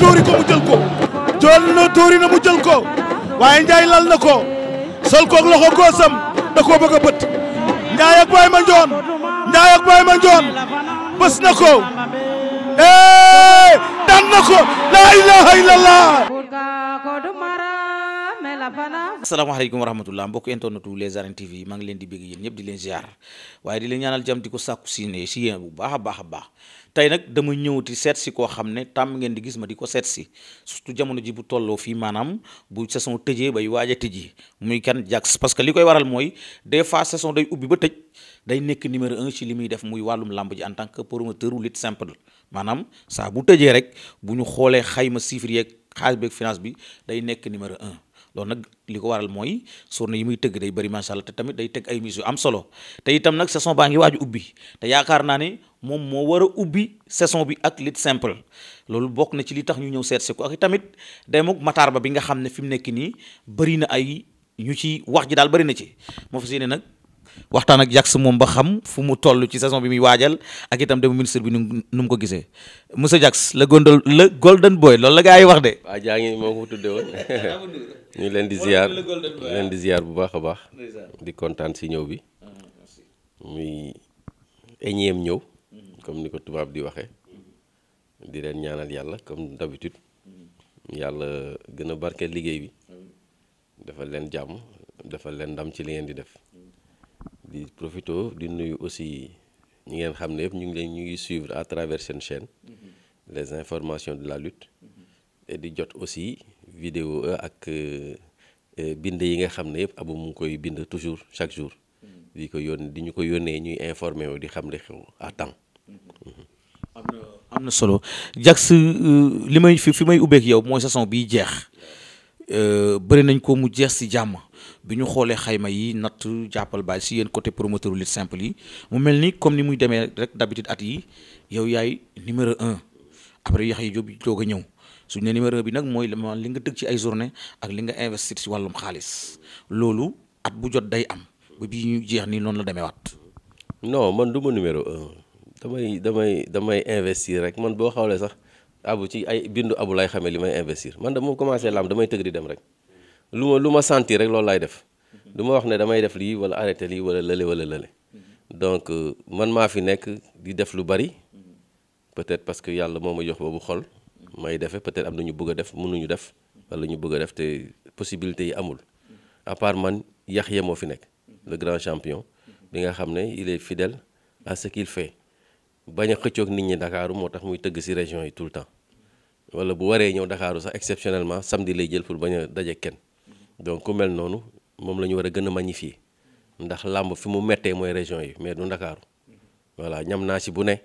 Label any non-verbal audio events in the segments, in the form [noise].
tuuri ko mu jël ko jël na tuuri na mu jël ko waaye Ndiaye lal na ko sol koog loxo góosam da koo bëgg a bët Ndiaye ak Baye Mandione Ndiaye ak Baye Mandione bës na ko eh daan na ko la ilaha illallah asalaamaaleykum wa rahmatullah mbokk internetu les arènes TV maa ngi leen di bëgg yéen ñëpp di leen ziar waaye di leen ñaanal jàmm di ko sàkku si ne si yéen bu baax a baax a baax tey nag dama ñëwti seet si koo xam ne tàmm ngeen di gis ma di ko seet si jamono ji bu tolloo fii maanaam bu saison tëjee bay waaj a tëji muy kan Jax parce que li koy waral mooy des fois saison day ubbi ba tëj day nekk numéro un ci li muy def muy wàllum làmb ji en tant que promoteur wu lutte simple maanaam saa bu tëjee rek bu ñu xoolee xayma chiffre yeeg xaalis beeg finance bi day nekk numéro un loolu nag li ko waral mooy journée yi muy tëgg day bëri macha allah te tamit day tëgg ay mise yu am solo te itam nag saison baa ngi waaju ubbi te yaakaar naa ne moom moo war a ubbi saison bi ak lit simple loolu bokk na ci li tax ñu ñëw seet si ko ak tamit day moog mataar Ba bi nga xam ne fi mu nekk nii bëri na ay ñu ci wax ji daal bëri na ci moo fas yéene nag waxtaan ak Jax moom ba xam fu mu toll ci saison bi muy waajal ak itam dem ministre bi nu mu ko gisee monsieur Jax la gondol la golden boy loolu la gaa yi wax de. waaw jaa ngi moo ko tuddee woon [laughs] leen di ziar bu baax a baax. di kontaan si ñëw bi ah, muy ñëw. comme ni ko tubaab di waxee di leen ñaanal yàlla comme d'habitude yàlla gën a barkeel liggéey bi defal leen jàmm defal leen ndam ci li ngeen di def di profito di nuyu aussi ñi ngeen xam ne yëpp ñu ngi leen ñu ngi suivre à travers seen chaîne les informations de la lutte et di jot aussi vidéo e ak e, e, bind yi nga xam ne yëpp abu mu koy bind toujours chaque jour di ko yónni di ñu ko yónnee ñuy informé wu di xam li xew à temps am na am na solo Jax euh, li may fi fi may ubbeek yow mooy saison bi jeex euh, bëri nañ ko mu jeex si jàmm bi ñu xoolee xayma yi natt jàppal baay si yéen côté promoteur lutte simple yi mu mel ni comme ni muy demee rek d'habitude at yi yow yaay numéro un après yax yi jóg doog a ñëw suñ ne numéro bi nag mooy li nga dëgg ci ay journée ak li nga investir si wàllum xaalis loolu at bu jot day am bi bii ñu jeex nii noonu la demee waat non man du numéro damay damay damay investir rek man boo xawlee sax abu ci ay bindu abu lay xamee li may investir man de moom commencé laam damay tëgg di dem rek lu ma lu ma sentir rek loolu laay def du ma wax ne damay def lii wala arrêté lii wala lële wala lële donc euh, man maa fi nekk di def lu bari peut-être parce que yàlla moo ma jox boobu xol may defee peut-être am na ñu bëgg a def mënuñu def wala ñu bëgg a def te possibilité yi amul à part man Yaxya moo fi nekk le grand bi nga xam ne il est fidèle à ce bañ a xëccoog nit ñi ndakaaru moo tax muy tëgg ci région yi tout le temps wala bu waree ñëw Dakar sax exceptionnellement samedi lay jël pour bañ a daje kenn donc ku mel noonu moom la ñu war a gën a magnifier ndax làmb fi mu mettee mooy région yi mais du Ndakaaru voilà ñam naa ci bu ne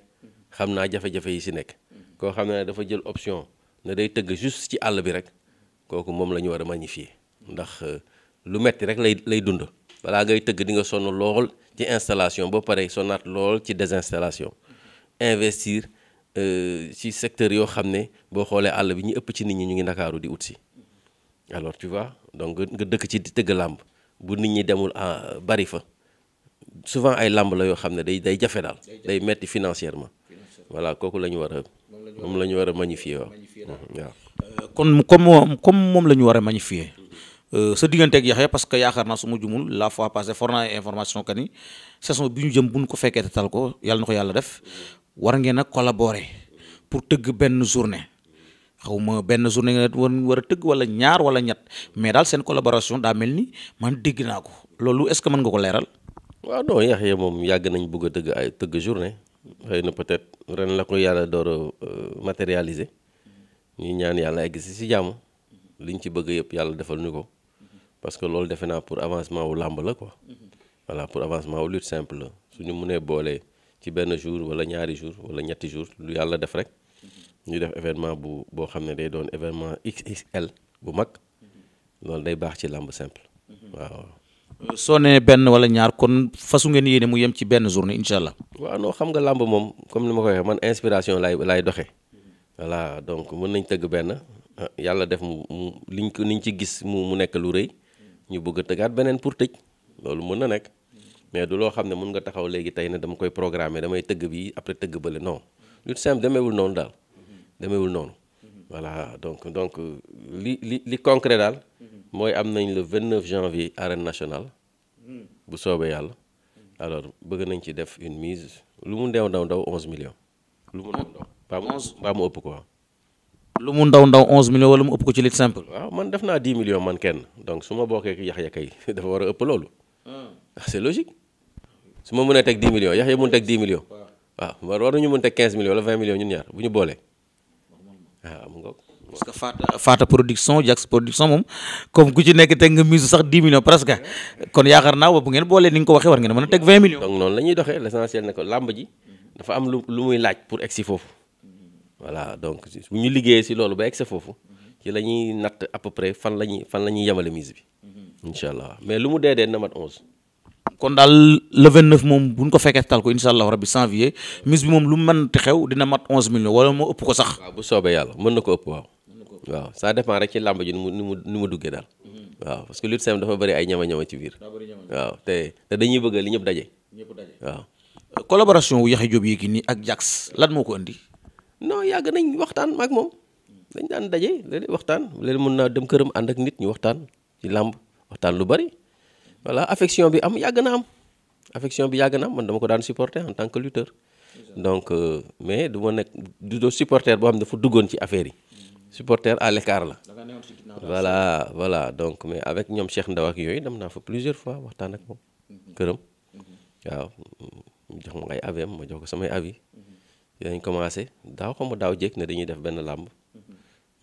xam naa jafe-jafe yi si nekk koo xam ne dafa jël option ne day tëgg juste ci àll bi rek kooku moom la ñu war a magnifier ndax euh, lu metti rek lay lay dund balaa ngay tëgg di nga sonn lool ci installation ba pare sonnaat lool ci désinstallation investir euh, ci secteur yoo xam ne boo xoolee àll bi ñu ëpp ci nit ñi ñu ngi ndakaaru di ut si alors tu vois donc nga dëkk ci di tëgg làmb bu nit ñi demul ah, bari fa souvent ay làmb la yoo xam ne day day jafe daal day metti financièrement voilà kooku la ñu war a moom la ñu war a magnifier waaw euh, kon comme comme moom la ñu war a magnifier euh, sa diggante ak Yaxya parce que yaakaar naa su ma jumul la fois passée for naa information que ni saison bi ñu jëm bu buñ ko fekkee te tal ko yàlla na ko yàlla def war ngeen a collaborer pour tëgg benn journée xaw ma benn journée nga war a tëgg wala ñaar wala ñett mais daal seen collaboration daa mel ni man dégg naa ko loolu est-ce que mën nga ko leeral. waaw non Yaxya moom yàgg nañ bëgg a tëgg ay tëgg journée xëy na peut-être ren la ko yàlla door a euh, matérialiser ñuy ñaan yàlla ay gis si jàmm liñ ci bëgg yëpp yàlla defal ñu ko parce que loolu defe naa pour avancement wu làmb la quoi. Mm-hmm. voilà pour avancement wu lutte simple la suñu mënee boolee ci benn jour wala ñaari jour wala ñetti jour lu yàlla def rek ñu def événement bu boo xam ne day doon événement XXL bu mag loolu day baax ci làmb simple waaw. Euh, soo nee benn wala ñaar kon fasu ngeen yéene mu yem ci benn journée incha allah. waaw non xam nga làmb moom comme ni ma ko man inspiration laay laay doxee voilà donc mën nañ tëgg benn yàlla def mu mu liñ ko niñ ci gis mu mu nekk lu rëy ñu bëgg a tëggaat beneen pour tëj loolu mën na nekk. mais du loo xam ne mun nga taxaw léegi tey ne dama koy programmer damay tëgg bi après tëgg bële non lutte simple demeewul noonu daal demeewul noonu voilà donc donc li li li concret daal mooy am nañ le 29 janvier arène nationale bu soobee yàlla alors bëgg nañ ci def une mise lu mu ndew ndaw ndaw 11 millions lu mu ndaw ndaw baa mu baa mu ëpp quoi lu mu ndaw ndaw 11 millions wala mu ëpp ko ci lutte simple waaw man def naa 10 millions man kenn donc su ma bokkee yax yakay [laughs] dafa war a ëpp loolu ah. Ah, c'est logique su ma mënee teg 10 millions Yaxya mun teg 10 millions waaw war nañu mun teg 15 millions wala 20 millions ñun ñaar bu ñu boolee waaw mu ngoog. parce que production Jax production moom comme ku ci nekk teg nga mise sax 10 millions presque kon yaakaar naa bu ngeen boolee ni nga ko waxee war ngeen mën a teg 20 millions. donc noonu la ñuy doxee l' làmb ji dafa am lu lu muy laaj pour egg si foofu voilà donc bu ñu liggéeyee si loolu ba egg foofu ci la ñuy natt à peu fan la ñuy fan la ñuy yemale mise bi. Mhm. incha allah mais lu mu dee dee na kon daal le 29 moom bu ñu ko fekkee tal ko incha allahu rabbi janvier mise bi moom lu mu mënti xew dina mat 11 millions wala moo ëpp ko sax. waaw bu soobee yàlla mën na ko ëpp waaw. waaw ça dépend rek ci làmb ji ni mu ni mu duggee daal. waaw parce que lutte simple dafa bëri ay ñama-ñama ci biir. waaw te dañuy bëgg li ñëpp daje. ñëpp daje waaw. collaboration wu Yaxya Jóob Yékini ak Jax lan moo ko indi. non yàgg nañ waxtaan maak moom dañ daan daje léeg waxtaan léeg mën naa dem këram ànd ak nit ñu waxtaan làmb waxtaan lu bari voilà affection bi am yàgg na am affection bi yàgg na am man dama ko daan supporter en tant que lutteur. donc euh, mais du ma nekk du doo supporter boo xam ne dafa duggoon ci affaire yi. supporter à l'écart la. voilà voilà donc mais avec ñoom Cheikh Ndaw ak yooyu dem naa fa plusieurs fois waxtaan ak moom. Mhm. këram mhm. waaw mu jox ma ay avis ma jox ko samay avis. Mhm. nañ commencé daaw xam ma daaw jekk ne dañuy def benn làmb.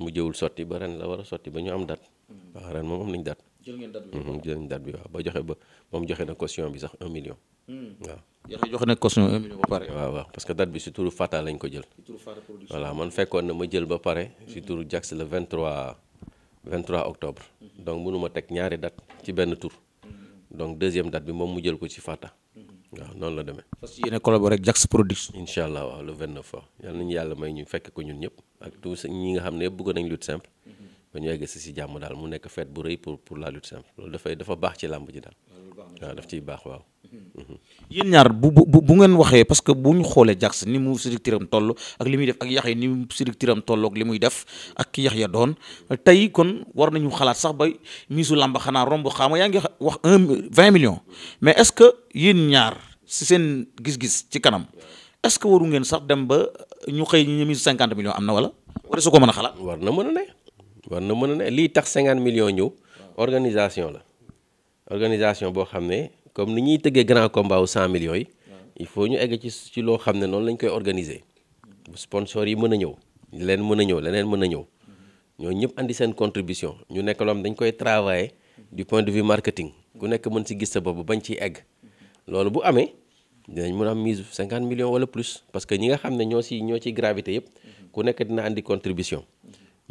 mu jëwul sotti ba ren la war a sotti ba ñu am date. waaw ren moom am nañ date. jël ngeen date bi mhm, jël waaw ba joxe ba moom joxe na caution bi sax un million. Hmm. waaw joxe joxe na caution un million ba pare. waaw waaw parce que date bi si turu Fata lañ ko jël. si turu man fekkoon na ma jël ba pare. si hmm. turu Jax le 23 23 octobre. Hmm. donc mënu ma teg ñaari date ci benn tur. donc deuxième date bi moom mu jël ko ci Fata. waaw noonu la demee. parce que yéen a collaboré ak Jax production. incha allah waaw le 29 yal nañu yàlla may ñu fekk ko ñun ñëpp ak tous ñi nga xam ne yëpp bëgg nañ lutte ba ñu egg si si jàmm daal mu nekk fête bu rëy pour pour la lutte simple loolu dafay dafa baax ci làmb ji daal. Ah, waaw daf ciy baax waaw. Mhm. Mhm. yéen ñaar bu bu bu bu ngeen waxee parce que bu ñu xoolee Jax ni mu structure am toll ak li muy def ak yax yi ni mu structure am toll li muy def ak yax ya doon tey kon war ñu xalaat sax ba miisu làmb xanaa romb xaama yaa ngi wax un vingt millions mais est-ce que yéen ñaar si seen gis-gis ci kanam est-ce que waru ngeen sax dem ba ñu xëy ñu ne miisu cinquante millions am na wala. war su ko mën a xalaat war na mën a ne. war na mën a ne lii tax cinquante millions ñëw organisation la organisation boo xam ne comme ni ñuy tëggee grand combat cent millions yi il faut ñu egg ci ci loo xam ne noonu lañ koy organiser sponsor yi mën a ñëw leen mën a ñëw leneen mën a ñëw ñoo ñëpp andi seen contribution ñu nekk loo koy travailler du point de vue marketing ku nekk mën si gis sa bopp bañ ci egg loolu bu amee dinañ mun a am mise cinquante millions wala plus parce que ñi nga xam ne ñoo si ñoo ciy gravité yëpp ku nekk dina indi contribution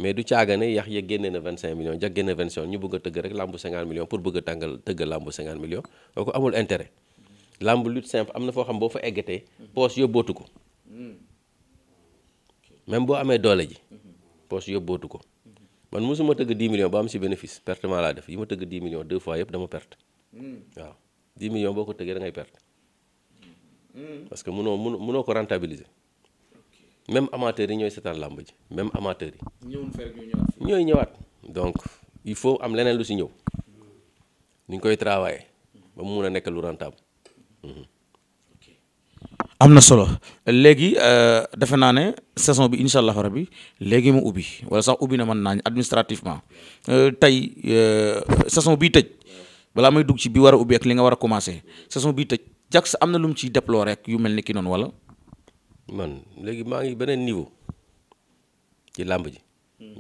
mais du caagane yax ya génne na 25 millions ja génne 25 ñu bëgg a tëgg rek làmbu 50 millions pour bëgg a tàngal tëgg làmbu 50 oo kooku amul intérêt làmbu lutte simple am na foo xam boo fa eggatee poche yóbbootu ko même boo amee doole ji poche yóbbootu ko man mosuma tëgg 10 millions boo am si bénéfice pertement laa def yi ma tëgg 10 millions deux fois yëpp dama perte waaw 10 million boo ko tëggee da ngay perte parce que mënoo mënoo ko rentabiliser. même amateurs yi ñooy seetaan làmb ji même amateurs yi. ñooy ñëwaat. donc il faut am leneen lu si ñëw ni ñu koy travailler ba mu mun a nekk lu rentable. Mhm. am na solo léegi euh, defe naa ne sason bi incha allah rabi léegi mu ubbi wala sax ubbi na man naa ñu administrativement euh, tey euh, saison bii tëj balaa may dugg ci bi war a ubbi ak li nga war a commencé saison bii tëj Jax am na lu mu ci déploré rek yu mel ni ki noonu wala. man léegi maa ngi beneen niveau ci làmb ji.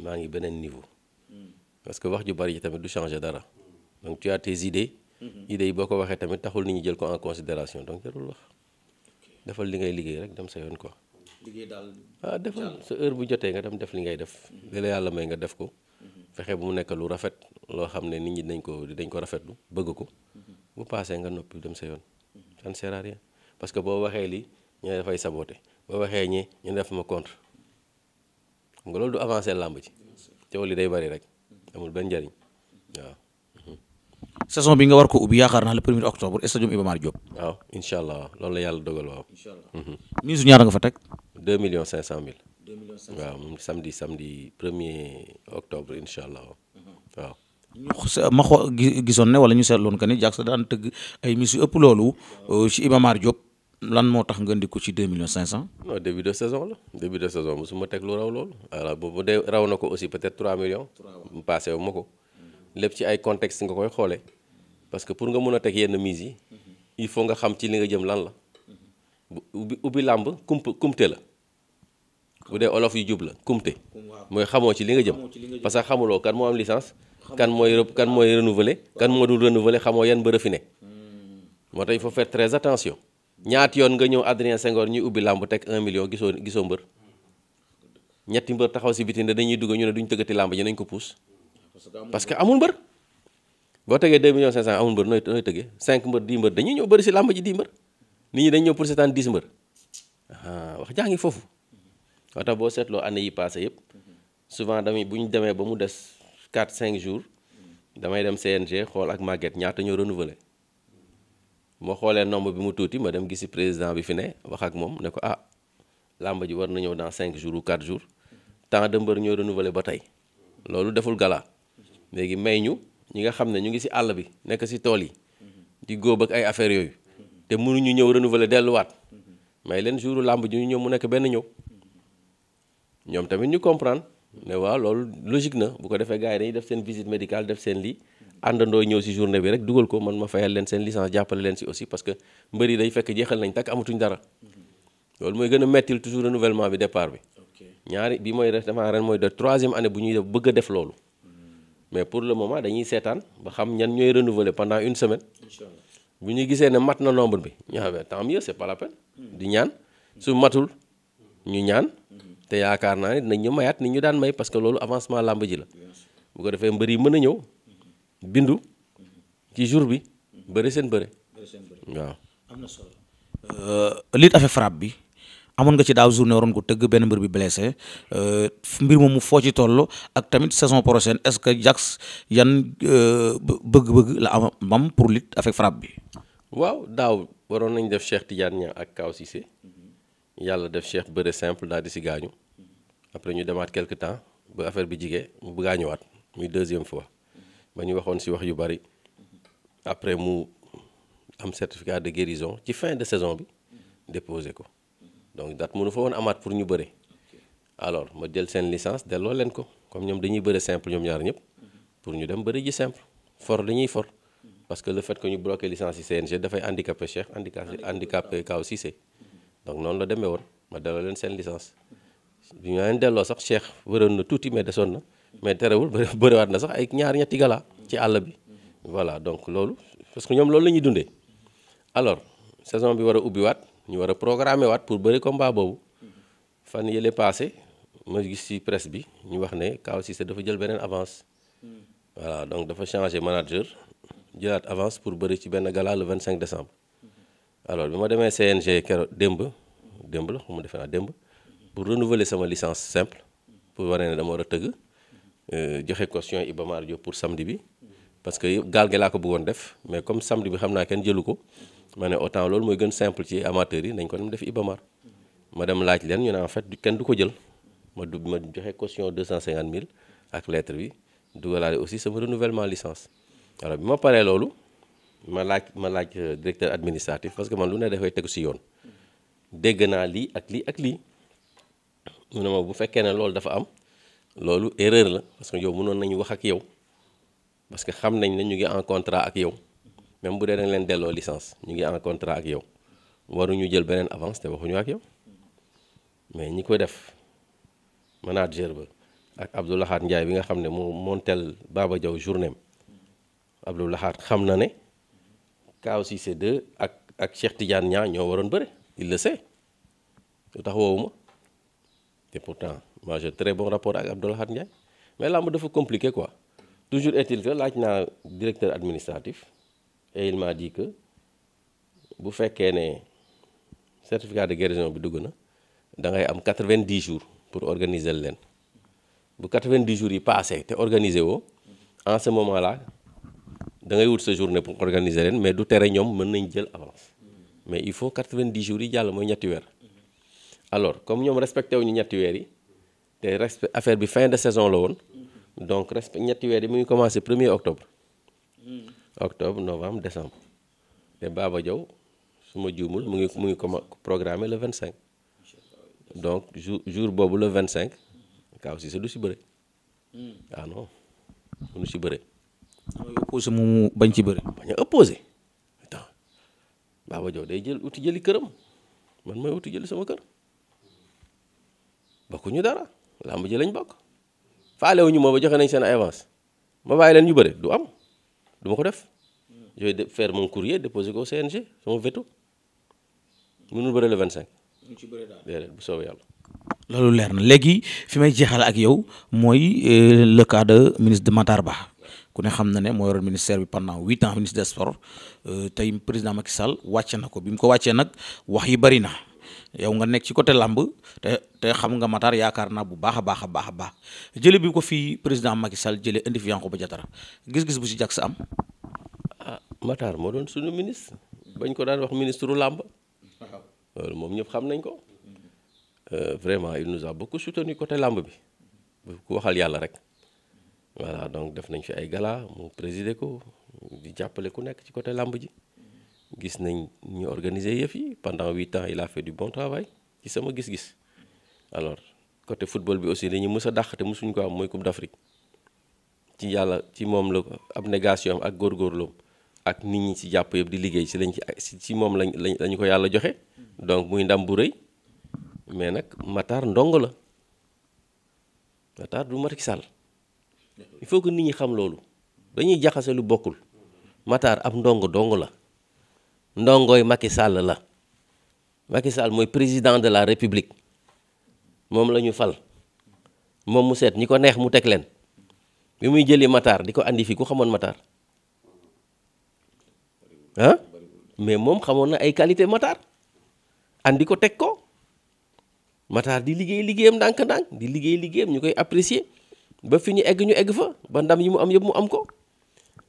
maa ngi beneen niveau. parce que wax ju bari ji tamit du changer dara. donc tu as tes idées. Mhm. idées yi boo ko waxee tamit taxul nit ñi jël ko en considération donc jarul wax defal li ngay liggéey rek dem sa yoon quoi. liggéey daal ah defal sa heure bu jotee nga dem def li ngay def. Mhm. li la yàlla may nga def ko. Mhm. fexe bu mu nekk lu rafet loo xam ne nit ñi dañ ko dañ ko rafetlu bëgg ko. bu paasee nga noppi dem sa yoon. ça ne sert à rien parce que boo waxee lii ñu ne dafay saboter. ba waxee ñi ñu def ma contre xam nga loolu du avancer làmb ci coow li day bari rek amul benn njariñ waaw. Mhm. saison bi nga war ko ubbi yaakaar naa le premier octobre stadium Iba Mar Diop. waaw incha allah la yàlla dogal waaw. incha allah mhm. mise ñaata nga fa cent mille. deux millions cinq cent mille waaw samedi samedi premier octobre incha mhm. ma xoo gisoon ne wala ñu seetloon que ni Jackson daan tëgg ay mise yu ëpp loolu euh, ci Iba Mar lan moo tax nga indi ko ci deux millions cinq cent. non début de saison la début de teg lu raw loolu alors bu dee raw na ko aussi peut-être trois millions. mu passé wu ma ko. lépp ci ay contexte nga koy xoolee. parce que pour nga mën a teg yenn mise yi. Mhm. il faut nga xam ci li nga jëm lan la. Mhm. ubbi ubbi làmb kump kumte la. bu dee olof yu jub la kumte. mooy xamoo ci li nga jëm. parce que xamuloo kan moo am licence. kan mooy kan mooy renouveler. kan moo dul renouveler xamoo yan ba raffiné. Hmm. moo tax il faut faire très attention. ñaat yoon nga ñëw Adrien Senghor ñuy ubbi làmb teg 1 million gisoo gisoo mbër ñetti mbër taxaw si biti ne dañuy dugg ñu ne duñ tëggati làmb ji nañ ko puus parce que amul mbër boo tegee 2 millions 500 amul mbër nooy nooy tëggee 5 mbër 10 mbër dañuy ñëw bëri si làmb ji 10 mbër nit ñi dañ ñëw pour seetaan 10 mbër ah, wax jaa ngi foofu. moo tax boo seetloo année yi passé yëpp souvent damay bu ñu demee ba mu des 4 cinq jours damay dem CNG xool ak Maguette ñaata ñoo renouveler. moo xoolee nombre bi mu tuuti ma dem gisi président bi fi ne wax ak moom ne ko ah làmb ji war na ñëw dans cinq jours ou quatre jours temps de mbër ñoo renouveler ba tey loolu deful gala léegi may ñu ñi nga xam ne ñu ngi si àll bi nekk si tool yi di góob ak ay affaires yooyu te mënuñu ñëw renouveler delluwaat may leen jouru làmb ji ñu ñëw mu nekk benn ñëw ñoom tamit ñu comprendre ne waaw loolu logique na bu ko defee gars yi dañuy def seen visite médical def seen lii àndandoo ñëw si journée bi rek dugal ko man ma fayal leen seen licence jàppale leen si aussi parce que mbër yi day fekk jeexal nañ takk amatuñ dara loolu mooy gën a mettil toujours renouvellement bi départ bi ñaari bi mooy def damaa ren mooy de troisième ane bu ñuy def bëgg a def loolu hmm. mais pour le moment dañuy seetaan ba xam ñan ñooy renouveler pendant une semaine bu ñu gisee ne mat na nombre bi ñu xam tant mieux c'est pas la peine hmm. di ñaan su matul ñu ñaan hmm. te yaakaar naa ne dinañ ñu mayaat ni ñu daan may parce que loolu avancement làmb ji la bu ko defee yi mën a ñëw bindu ci jour bi bëri seen bëri. waaw am na solo. Euh, lutte avec frappe bi amoon nga ci daaw journée waroon ko tëgg benn mbër bi blessé euh, mbir moomu foo ci toll ak tamit saison prochaine est-ce que Jax yan euh, bëgg-bëgg la am mbam pour lutte afe frappe bi. waaw daaw waroon nañ def Cheikh Tidiane Niang ak Kaw Cissé mhm. yàlla def Cheikh bëre simple daal di si gaañu mhm. après ñu demaat quelque temps ba affaire bi jigee mu gaañuwaat muy deuxième fois. ba ñu waxoon si wax yu bari après mu am certificat de guérison ci fin de saison bi déposé ko donc dat mënu fa woon amaat pour ñu bëre alors ma jël seen licence delloo leen ko comme ñoom dañuy bëre simple ñoom ñaar ñëpp pour ñu dem bëri ji simple for dañuy for parce que le fait que ñu bloqué licence yi CNG dafay handicapé Cheikh handicapé handicapé Kaw Cissé donc noonu la demee woon ma delloo leen seen licence bi ñu leen delloo sax Cheikh wëroon na tuuti mais desoon na. mais terewul bëri [laughs] bëriwaat na sax ay ñaari ñetti gala ci àll bi voilà donc loolu parce que ñoom loolu la ñuy dundee alors saison bi war a ubbiwaat ñu war a programmer waat pour bëri combat boobu fan yële passé ma gis ci presse bi ñu wax ne Kaaw Cissé dafa jël beneen avance voilà donc dafa changé manager jëlaat avance pour bëri ci benn gala le cinq décembre alors bi ma demee CNG kero démb démb la mu defe naa démb pour renouveler sama licence simple pour wane ne dama war a tëgg. Euh, joxe caution Iba Mar Diop pour samedi bi parce que gaal gi laa ko bëggoon def mais comme samedi bi xam naa kenn jëlu ko ma ne autant loolu mooy gën simple ci amateurs yi nañ ko dem def Iba Mar ma dem laaj leen ñu ne en fait kenn du ko jël ma du ma joxe caution 250 000 ak lettre bi dugalaale aussi sama renouvellement licence alors bi ma paree loolu ma laaj ma laaj euh, directeur administratif parce que man lu ne dafay tegu si yoon naa lii ak lii ak lii mu bu fekkee ne loolu dafa am. loolu erreur la parce que yow mënoon nañu wax ak yow parce que xam nañ ne ñu ngi en contrat ak yow même bu dee dañ leen delloo licence ñu ngi en contrat ak yow waruñu jël beneen avance waxuñu ak yow mais ñi ko def manager ba ak Abdou Lahad Ndiaye bi nga xam ne moo montel Baba Diaw journéem Abdou laxaat xam na ne Kao Cissé 2 ak ak Cheikh Tidiane ñaar ñoo waroon bëri il le sait lu tax woowu moi j'ai très bon rapport ak Abdoulaye Khat Ndiaye mais làmb dafa compliqué quoi toujours et il que laaj naa directeur administratif et il m'a dit que bu fekkee ne certificat de guérison bi dugg na da ngay am 90 jours pour organiser leen bu 90 jours yi passé te organiser woo en ce moment là da ngay wut sa journée pour organiser leen mais du tere ñoom mën nañ jël avance mais il faut 90 jours yi jàll mooy ñetti alors comme ñoom respecté wu ñu ñetti weer yi. te respect affaire bi fin de saison la woon donc respect ñetti weer yi mu ngi commencé premier octobre hmm. octobre novembre décembre te Baba Diaw su ma juumul mu ngi mu ngi commen programmé le 25 donc jour jour boobu le 25 cinq Cissé du si bëre hmm. ah non du si bëre. mooy opposé mu bañ ci bëre. bañ a day jël uti jëli këram man may uti jëli sama kër bokkuñu dara. làmb ji lañ bokk faale moo joxe nañ seen avance ma bàyyi leen ñu bëre du am du ko def je vais faire mon courrier déposer ko CNG sama veto mënul bëre le 25. ñu bu soobee yàlla. loolu leer na léegi fi may jeexal ak yow mooy euh, le cas de ministre de Matar Ba ku ne xam na ne moo yoroon ministère bi pendant huit ans ministre des sports euh, tey président Macky Sall wàcce na ko bi mu ko wàccee nag wax yi bari na. yow nga nekk ci côté làmb te xam nga Matar yaakaar naa bu baax a baax a baax a baax jële bi ko fii président Macky Sall jële indi fi Yankhoba Diattara gis-gis bu si jag sa am ah Matar moo doon suñu ministre bañ ko daan wax ministre làmb loolu moom ñëpp xam nañ ko euh, vraiment il nous a beaucoup côté làmb bi bu ko waxal yàlla rek voilà donc def nañ fi ay gala mu présider ko di jàppale ku nekk ci côté làmb ji gis nañ ñu organiser yëf yi pendant huit ans il a fait du bon travail ci sama gis-gis alors côté football bi aussi dañu mës a dàq te mësuñ ko am mooy Coupe d'Afrique ci yàlla ci moom la abnégation am ak góorgóorloom ak nit ñi ci jàpp yëpp di liggéey ci lañ ci ci moom lañ lañ lañu ko yàlla joxe donc muy ndam bu rëy mais nag Matar ndong la Matar du Macky Sall il faut que nit ñi xam loolu dañuy jaxase lu bokkul Matar ab ndongo dong la. ndongooy Macky Sall la Macky Sall mooy président de la république moom la fal moom mu seet ñi ko neex mu teg leen bi muy jëli Matar di ko andi fi ku xamoon Matar ah mais moom xamoon na ay qualité Matar andi ko teg ko Matar di liggéey liggéeyam ndànk-ndànk di liggéey liggéeyam ñu koy apprécier ba fi ñu egg ñu egg fa ba ndam yi mu am yëpp mu am ko.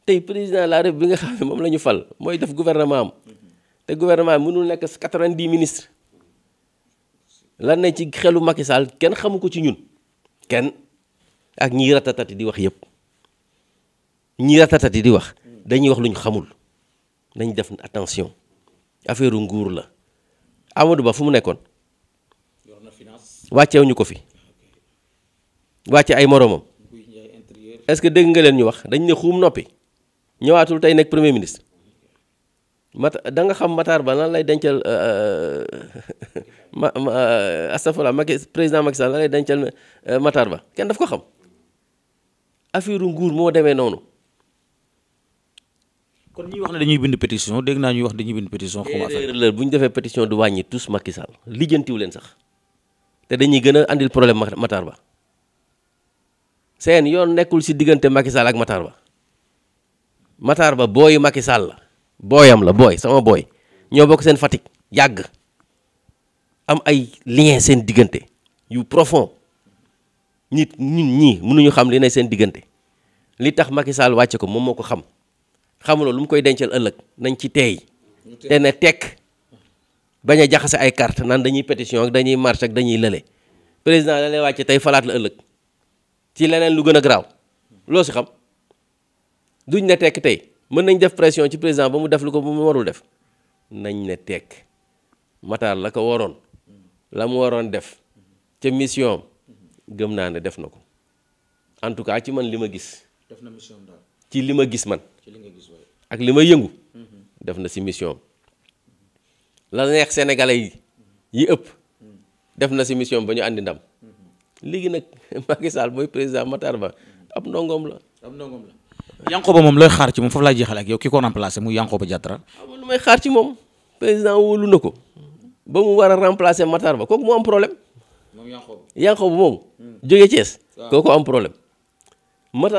tey président de la République bi nga xam ne moom la ñu fal mooy def gouvernement am te gouvernement bi mënul nekk di ministres lan ne ci xelu Macky Sall kenn xamu ko ci ñun kenn ak ñii ratatati di wax yëpp ñii ratatati di wax dañuy wax lu ñu xamul dañ def attention affaire nguur la amadu Ba fu mu nekkoon wàcceewu ñu ko fi wàcce ay moromam est-ce que dégg nga leen ñu wax dañ ne xuum noppi. ñëwaatul tey nekk premier ministre mat danga xam Matar Ba lan lay dencal euh, euh, [laughs] ma ma euh, astafurlah Macky président Macky Sall lan lay dencal Matar Ba kenn daf ko xam affaire nguur moo demee noonu. kon ñuy wax ne dañuy bind pétition dégg naa ñuy wax dañuy bind pétition. xaw bu ñu defee pétition du wàññi tous Macky Sall lijjantiw leen sax te dañuy gën a andil problème Matar Ba seen yoon nekkul si diggante Macky ak Matar Ba. Matar ba booyu Macky Sall la booyam la booy sama booy ñoo bokk seen Fatick yàgg am ay lien seen diggante yu profond nit nit ñi mënuñu xam li ne seen diggante li tax Macky Sall wàcce ko moom moo ko xam xamuloo lu mu koy dencal ëllëg nañ ci teey te ne tekk bañ a jaxase ay carte naan dañuy pétition ak dañuy marche ak dañuy lële président la lay wàcce tey falaat la ëllëg ci leneen lu gën a garaaw loo si xam duñ ne tekk tey mën nañ def pression ci président ba mu def lu ko mu warul def nañ ne tekk Matar la ko waroon la mu waroon def ca mission gëm naa ne def na ko en tout cas ci man li ma gis. def na mission ci li ma gis man. ci li gis ak li ma yëngu. Mhm. def na si mission la neex sénégalais yi yi ëpp. def na si mission ba ñu àndi ndam. Mhm. léegi nag [laughs] Macky Sall mooy président Matar Ba mhm. ab ndongoom la. ab ndongoom la. Yankoba moom looy xaar ci moom foofu laa jeexale ak yow ki ko remplacé muy Yankoba Diattara a ah, lu may xaar ci moom président wóolu na ko ba mu war a remplacer Matar Ba kooku mu am problème moom Yankoba Yankoba moom hmm. jógee Thiès ah. kooku am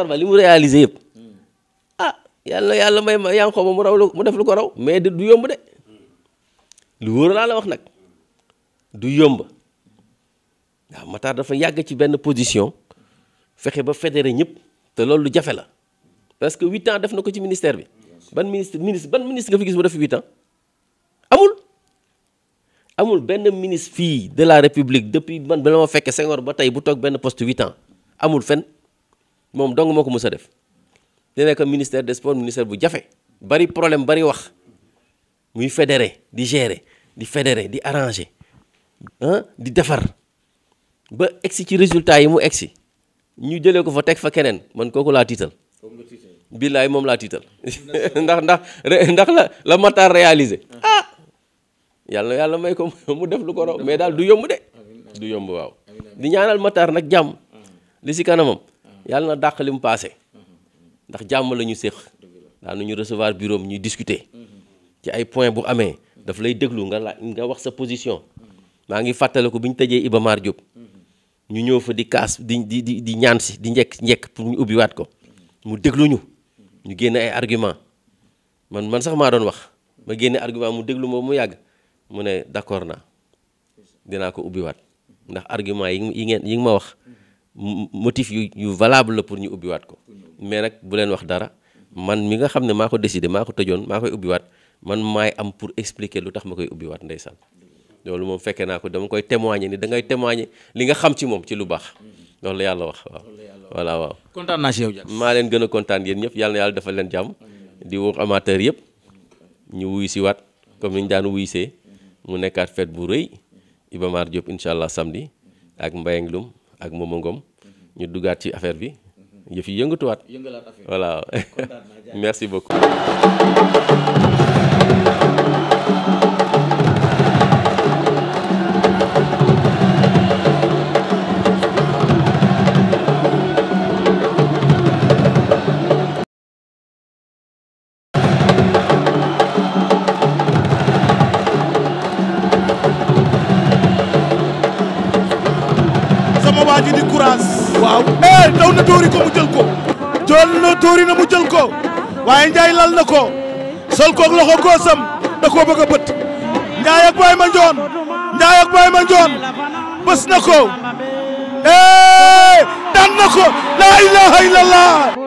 Ba li mu réalisé yëpp hmm. ah yàlla yàlla may ma Yankoba mu raw mu def lu ko raw mais du yomb de lu wóor laa la wax nag du yomb waaw Matar dafa yàgg ci benn position fexe ba fédéré ñëpp te loolu jafe la parce que huit ans def na ko ci ministère bi ban ministre ministre ban ministre nga fi gis mu def huit amul amul benn ministre fii de la république depuis man ba la ma fekkee Senghor ba tey bu toog benn poste huit ans amul fenn moom dong moo ko mës a def di nekk ministère de sports ministère bu jafe bari problème bari wax muy fédéré di gérer di fédéré di arranger ah di defar ba egsi ci résultat yi mu egsi ñu jëlee ko fa teg fa keneen man ko laa tiital billaay moom laa tiital [laughs] ndax ndax ndax la la Matar réalisé ah, ah. yàlla yàlla may ko mu def lu ko raw mais daal du yomb de du yomb waaw di ñaanal Matar nag jàmm ah. li si kanamam ah. yàlla na dàq li mu paase ndax jàmm lañu ñu séq daanu ñu recevoir bureau ñu discuter ci ay point bu amee daf lay déglu nga laaj nga wax sa position maa ngi fàttale ko bi ñu tëjee Iba Mar ñu ñëw fa di kaas di di di ñaan si di njekk njekk pour ñu ubbiwaat ko mu déglu ñu ñu génne ay argument man man sax maa doon wax ma génne argument mu déglu ma mu yàgg mu ne d'accord naa dinaa ko ubbiwaat ndax argument yi yi ngeen yi nga ma wax motif yu yu valable la pour ñu ubbiwaat ko mais nag bu leen wax dara man mi nga xam ne maa ko décidé maa ko tojoon maa koy ubbiwaat man maay am pour expliquer lu tax ma koy ubbiwaat ndeysaan loolu moom fekkee naa ko dama koy témoigner ni da ngay li nga xam ci moom ci lu baax loolu la yàlla wax waaw. voilà waaw. kontaan maa leen gën a kontaan yéen ñëpp yàlla na yàlla defal leen jàmm. di woo amateur yëpp. ñu wuyu si waat comme ni ñu daan wuyu mu nekkaat fête bu rëy. Iba Mar Diop incha allah samedi. ak Mbaye ak Momo ñu duggaat ci affaire bi. yëf yi yëngatuwaat. yëngalaat affaire voilà [laughs] merci beaucoup. bëri na mu ko waaye Ndiaye lal na ko sol koog loxo góosam da koo bëgg a bët Ndiaye ak Baye Mandione Ndiaye ak Baye Mandione bës na ko daan na ko la ilaha illallah